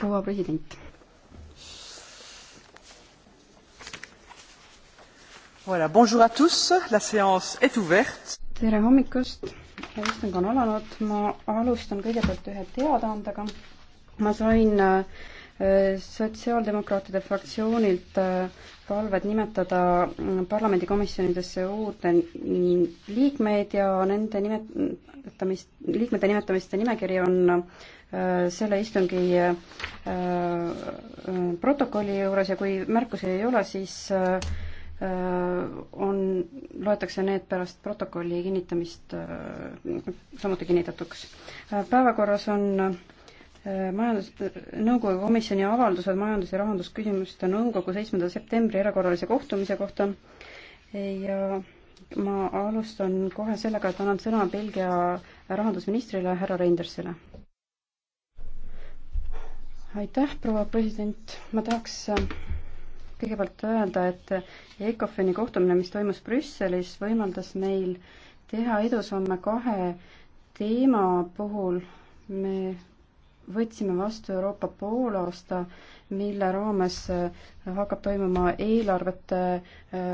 proua president. Voilà, bonjour à tous, la séance est ouverte. tere hommikust, istung on alanud, ma alustan kõigepealt ühe teadaandega. ma sain äh, sotsiaaldemokraatide fraktsioonilt äh, palved nimetada mm, parlamendikomisjonidesse uute liikmeid ja nende nimetamist, liikmete nimetamiste nimekiri on äh, selle istungi äh, protokolli juures ja kui märkusi ei ole, siis on, loetakse need pärast protokolli kinnitamist samuti kinnitatuks. päevakorras on majandus, nõukogu komisjoni avaldused majandus- ja rahandusküsimuste nõukogu seitsmenda septembri erakorralise kohtumise kohta ja ma alustan kohe sellega, et annan sõna Belgia rahandusministrile härra Reindersile. aitäh, proua president, ma tahaks kõigepealt öelda, et ECOFIN-i kohtumine, mis toimus Brüsselis, võimaldas meil teha edusamme kahe teema puhul, me võtsime vastu Euroopa poolaasta, mille raames äh, hakkab toimuma eelarvete äh,